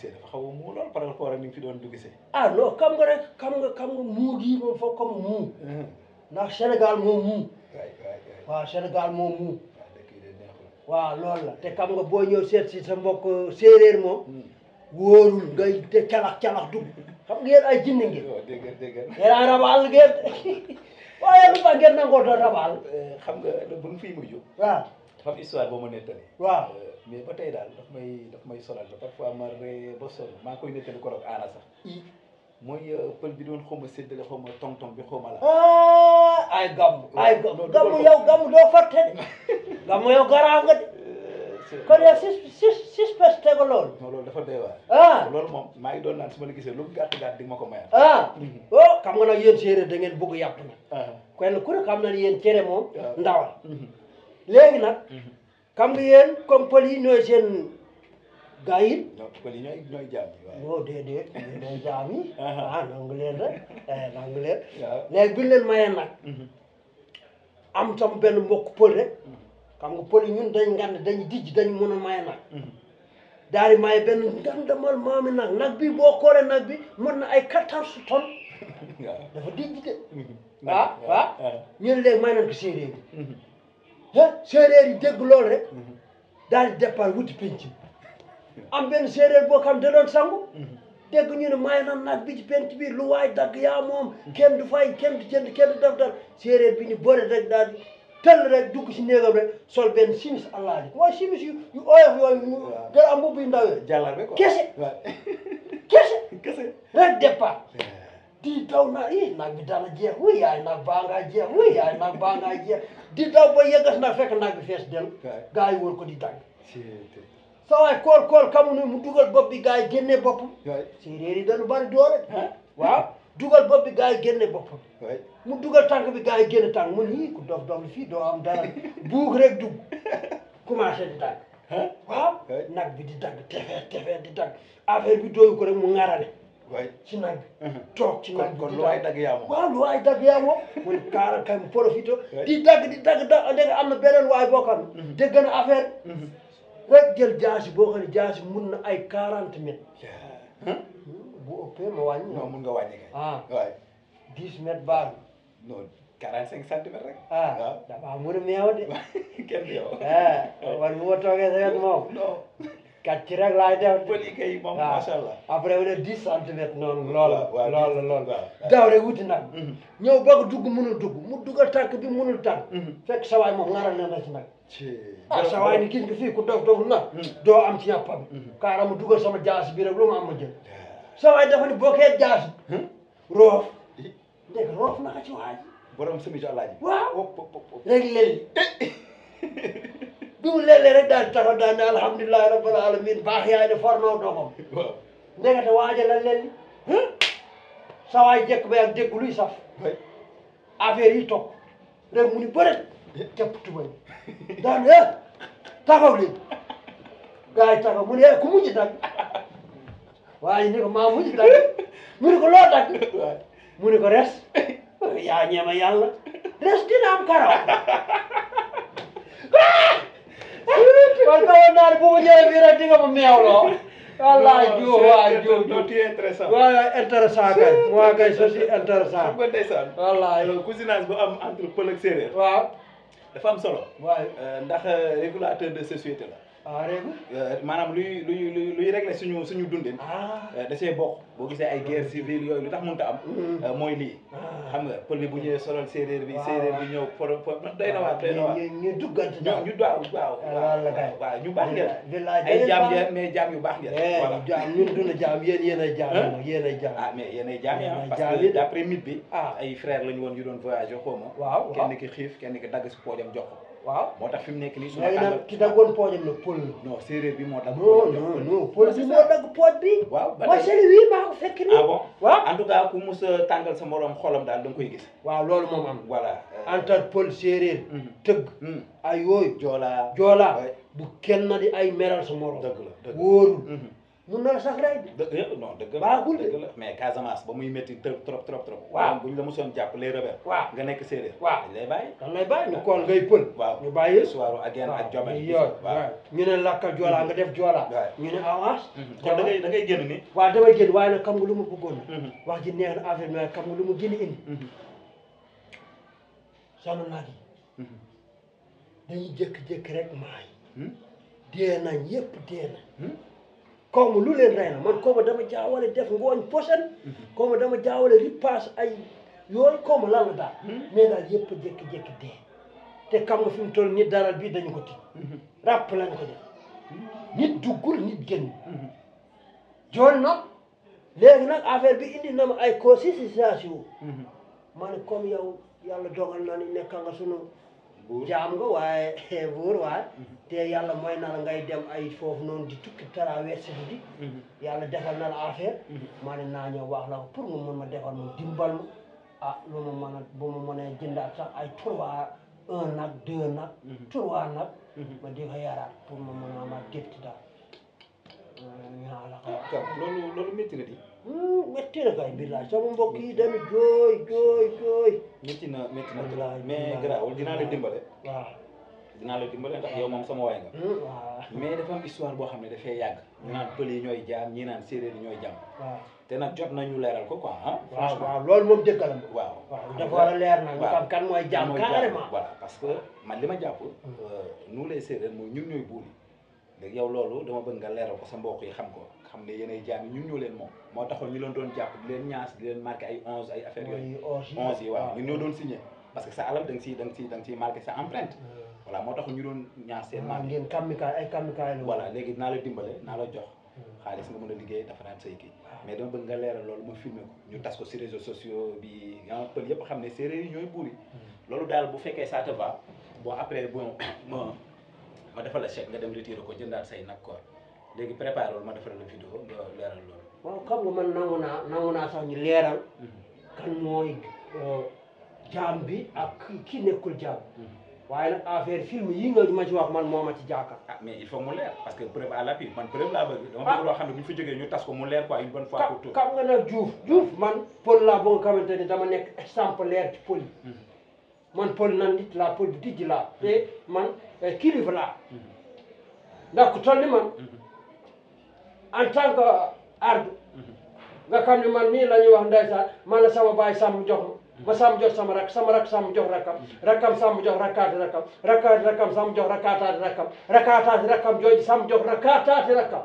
see dafa xaw a muu lool par rapport ak ni nga fi doon dugg see. ah non xam nga rek xam nga xam nga muu gii moom foog comme ndax Sénégal moom muu. waay waay waaw moom muu. waaw loolu la te kam nga boo ñëw seet si sa mbokk euh, séeréer moom. Hmm. wóorul ngay te calax calax dugg xam nga yéen ay jinne ngeen. waaw oh, dégg nga dégg waaye lu ba ngeen nangoo doon euh, xam nga bu ñu mais ba tey daal daf ma daf may solal ba parfois ma ree ba sol maa koy nettali ko rek aana sax mooy euh, pël bi doon xaw ma séddale xaw ma tong-tong bi xaw ma la ah, ay gàmm ay gàmm yow gàmm doo fàtte de gàmm yow garaaw nga de euh, kon yow sis sis sis pes tega loolu non loolu dafa doy waar ah loolu moom maa ngi doon naan su ma la gisee lu gàtt gàtt di ma ko mayaat ah mm-hmm. oh xam nga nag yéen séeréer da ngeen bëgg yàpp nag ah. kenn ku ne xam na ne yéen moom ah. ndawal mm-hmm. léegi nag mm-hmm. xam nga yéen comme yi ñooy seen gaa yi. non pël yi ñooy ñooy jaam yi waaw. rek nangu leen. leen mayee nag. Mhm. am sama benn mbokk pël rek. xam nga pël yi ñun dañ ngand dañ dijj dañ mën a maye nag. Mhm. daal di maye benn ngandamal maami nag nag bi boo xoolee nag bi mën na ay quatorze tonnes. dafa dijj de. Mhm. Ah, ah ah ñun léegi may nañ ko séeréer séeréer yi dégg lool rek mhm. daal di départ wuti penc am benn séeréer boo xam da doon sangu mhm. dégg ñu ne may na naaj bi ci penc bi lu waay dagg yaa moom kenn du fay kenn du jënd kenn du def dal séeréer bi ni boole rek daal di tëll rek dugg si néegam rek sol benn simis allah di waaye simis yu yu oyof yooyu gën a am ndaw yi kese kese kese rek départ di didau na ih nak bidana je hui ai nak banga je hui ai nak banga je didau bo yegas na fek nak fes del gaay wor ko di tag sawaay kool kool kamu ne mu dugal bopp bi gaay yi dañu bari doole waaw dugal bopp bi gaay génne boppam mu dugal tànk bi gaay génne tànk mu nii ku dof dof fii doo am dara buug rek dugg commencé di tànk waaw nag bi di tànk tefeer tefeer di tànk affaire bi dooyu ko rek mu ŋarale waaye ci nag bi. Uh-huh. toog ci nag bi kon lu waay dagg yaa kay mu profité. di dagg di dagg da nga am na beneen waay boo xam ne. Uh-huh. dégg na affaire. rek uh-huh. mun na ay quarante mètres. bu ëppee ma wàññi. non mun nga wàññi kay. ah waay dix mètres baax na. non quarante cinq centimètres rek. ah waaw dafa am mu ne meew de. Ah, moom. kàcc rek laay def. bëri kay moom macha allah. après on est dix centimètres noonu. loola loola loola daaw rek wuti nag. ñëw mhm. ba dugg mënul dugg mu duggal tànk bi mënul tànk. Mhm. fekk sawaay moom ŋaral na la ci nag. ah sawaay ni na. doo mhm. am ci yàppam. kaara mu duggal sama jaas bi rek lu mu am ma jël. dafa ni boo kee jaas. roof. dégg nga roof naka ci waay. borom sëmi ci alaaji. waaw léegi tout lele rek dal taxo da ni alhamdullilah ya rabbil alamin bax yaay ni forno doko ngata waje lan len sa way jek be ak deglu saf affaire yi tok rek muni bo rek tepp tu bay da ni eh? taxaw li gay taxaw muni eh, ku muji tak way ni ko ma muji tak muni ko lo tak muni ko res ya ñema yalla res dina am karaw Perdona, el puño de mira, tío, me me hablo. Hola, yo, yo, yo, tío, interesante. Bueno, interesante, muy acá, eso sí, interesante. Muy interesante. Hola, yo. Los cocinas, yo, entre el polo exterior. Wow. La femme solo. Wow. Ndaje, regulateur de société là. aareegu ah, maanaam luy luy luy régler suñu suñu dundin ah. euh, da see bokk boo gisee ay guerre civile yooyu lu tax mënut a mm. euh, mooy lii ah. xam nga pël bi bu ñëwee solal séeréer bi séeréer bi ñëw por por doy na waar doy na waar ñu duggante daal ñu daaw ñu baax ngeen ay jaam ngeen mais jaam yu baax ngeen eh, voilà jaam ñun duna jaam yen yéen ay jaam yéen ay jaam ah mais yéen ay jaam yi parce que d'après mythe bi ay frère la ñu woon yu doon voyagé xaw ma waaw kenn ki xiif kenn ki dagg si poojam jox ko waaw moo tax fi mu nekk nii. su ma tànn ki daggoon poojam la pël la. non bi moo dagg. non non moo dagg pooj bi. waaw ba tey fekk nii. ah bon waaw en ku mus a tàngal sa morom xolam daal da koy gis. waaw lool moom am voilà. entre pol séeréer. Mm-hmm. tëgg. Mm-hmm. ay yooyu. joola joolaa bu kenn di ay meral sa morom. dëgg la dëgg mun na la sax rey bi eh, non dëgg la baaxul dëgg la mais Casamance ba muy métti trop trop trop trop waaw buñ la mosoon jàpp les rebelles waaw nga nekk séeréer waaw dañ lay bàyyi dañ lay bàyyi ñu kool ngay pël waaw ñu bàyyi a ak yéen ak jome yooyu waaw ñu ne lakkal joolaa nga def joolaa ñu ne avance mhm. kon da ngay da ngay génn ni nag xam nga lu ma bëggoon mhm. wax ji neex na affaire mais xam nga lu a indi mhm. sama rek maay hmm? dee nañ yëpp dee hmm? xaw lu leen rey la man xaw ma dama jaawale def ngooñ posen xaw mhm. ma dama jaawale ripaas ay yooyu xaw ma lan la daal hmm? mais daal yëpp jékki-jékki dee te xam nga fi mu toll nii daral bii dañu ko ti mhm. ràpp lañu ko def hmm? nit duggul nit génn mhm. joon nag léegi nag affaire bi indi na ma ay conscientisation ma ne comme yow yàlla dogal na ni nekka nga sunu jaam nga waaye eh, buur waaye mm-hmm. te yàlla mooy na ngay dem ay foofu noonu di tukki traverse si di mm-hmm. yàlla defal na la affaire mm-hmm. maa naa ñëw wax la ko pour mu mën ma defal mu dimbal ma ah lu ma mën a bu ma mënee jëndaat sax ay trois un nag deux nag trois nag ma di yaraat pour ma mën a amaat gétt daal ñaa la ko loolu loolu nga di Hmm, mesti nak lah kain bila. Sama boki dan joy, joy, joy. Mesti nak, mesti nak bila. Mereka, orang jinak ada timbal. dina la dimbalé ndax yow mom sama way nga mais dafa am histoire bo xamné da fay yag dina peul yi ñoy jam ñi naan séré ñoy jam té nak jot nañu léral ko quoi hein waaw waaw lool mom déggal am waaw dafa wara lér nak dafa kan moy jam carrément voilà parce que man lima japp euh nous les séré moy ñun ñoy bouli dëgg yow loolu dama bëgg nga leeral ko sa mbokk yi xam ko xam ne yéenay jaam ñu ñëw leen moom moo taxoon ñu leen doon jàpp di leen ñaas di leen marqué ay onze ay affaire yooyu onze yi waaw ah. ñun ñoo doon signé parce que sa alal da nga siy da nga siy da nga siy marqué sa empreinte ah. voilà moo taxoon ñu doon ñaas seen ah, maam ngeen kàmmikaay ay kàmmikaay la naa la dimbale naa la jox xaalis nga mën a liggéey defaraat say kii mais dama bëgg nga leeral loolu ma filmé ko ñu tas ko si réseaux sociaux bi nga pël yëpp xam ne séeréer yi ñooy buur hmm. loolu daal bu fekkee ça te va bon après bon ma defal a chèque nga dem retiré ko jëndaat say nag quoi léegi préparé loolu ma defal la vidéo nga leeral loolu. waaw xam nga man nangu naa nangu ñu leeral. Mm-hmm. kan mooy euh, jaam bi ak ki nekkul jaam. Mm-hmm. waaye nag affaire film yi nga ma ci man moo ma ci jàkka. a ah, mais il faut mu leer parce que preuve à man preuve laa bëgg. dama ah. bëgg loo xam ne bu ñu fa jógee ñu tas ko mu leer quoi une bonne fois pour tout. xam nga nag man pël man pol nanndit la pol dijji la e man eh, kilifa la nda ko tolni man en tant que ardu nga xam ne man nii la ñuy wax ndeysaan man la sama baay sàmm jox ma ma sàmm jox sama rak sama rak sàmm jox rakkam rakkam sàmm jox rakkaati rakkam rakkaati rakkam sàmm jox rakkaataati rakkam rakkaataati rakkam jooju sàmm jox rakkaataati rakkam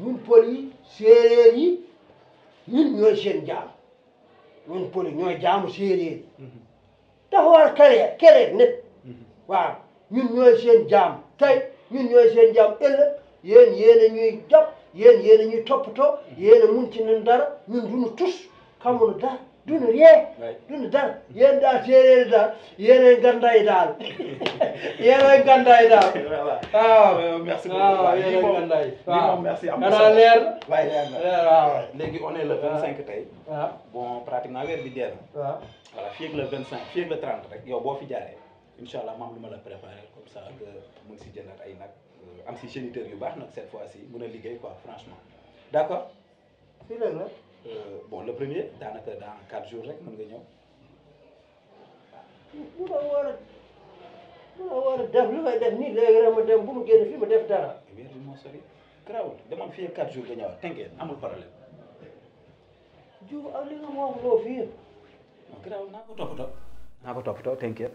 ñun pël yi séeréer yi ñun ñooy seen jaam ñun pël yi ñooy jaamu séeréer yi dafa mm-hmm. war kere kere nit mm-hmm. waaw ñun ñooy seen jaam tey ñun ñooy seen jaam ëllëg yéen yéen a ñuy jàpp yéen yéen a ñuy toppatoo mm-hmm. yéen a mun ci nen dara ñun duñu tus xamuñu duñu ree duñu dara yéen daal séeréer daal yéenay dal daal yéenay ganday daal waaw. merci ah, beaucoup waaw yéenay yi waaw merci am na leer. waay leer waaw léegi on est le 25 tay waaw bon pratiquement weer bi dee waaw ah. voilà fii le 25 fii le 30 rek yow bo fi jaaree inshallah allah luma la préparer comme ça que mu si jëndaat ay nak euh, am si géniteur yu bax nak cette fois ci mun a liggéey quoi franchement d'accord fi fii la. euh, bon le premier danaka dans 4 jours rek mën nga ñëw bu la wara bu la wara def lu ngay def ni légui rek ma dem bu mu génn fi ma def dara eh bien du mo sori krawul dama fi 4 jours gëñaw tanké amul problème ju aw li nga mo wax lo fi krawul nako topoto nako topoto tanké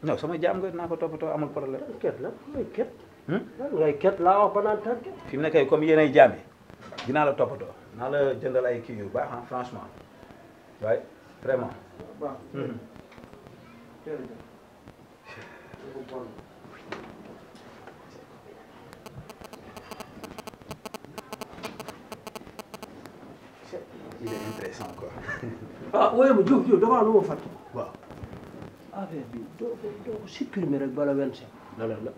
No, sama jam gue nak foto foto amal peralat. Kiat lah, gue kiat. Hmm? Gue kiat lah, apa nanti? Fimne kayak kau mienai jam ni. Gina lo foto foto. naa la jëndal ay kii yu baax ah franchement waaye vraiment. waaw hmm. jërëjëf. il est intéressant quoi. ah wóyee ma Diouf Diouf damaa lu ma fàtte. waaw. affaire ah, bi doo ko doo ko supprimer rek bala 25. lan la.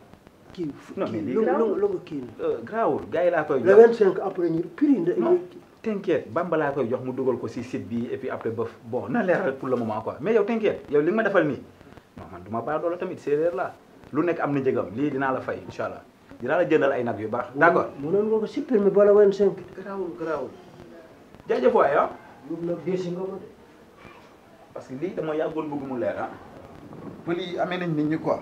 kii non mais léegi la lu lu lu kii. Euh, garaawul gars yi laa koy jox. le 25 après ñu prix. t'inquiète Bamba laa koy jox mu dugal ko si site bi et après bof bon na leeral pour le moment quoi mais yow t'inquiète yow li ma defal nii non man du ma baax loola tamit séeréer la lu nekk am na njëgam lii dinaa la fay incha allah dinaa la jëndal ay nag yu baax. d'accord mënoon nga ko supprimer boole woon cinq. garaawul garaawul. jaajëf waay ah. yóbbu la gëstu nga ma de. parce que lii dama yàggoon bëgg mu leer ah. pël yi amee nañ ni ñi quoi.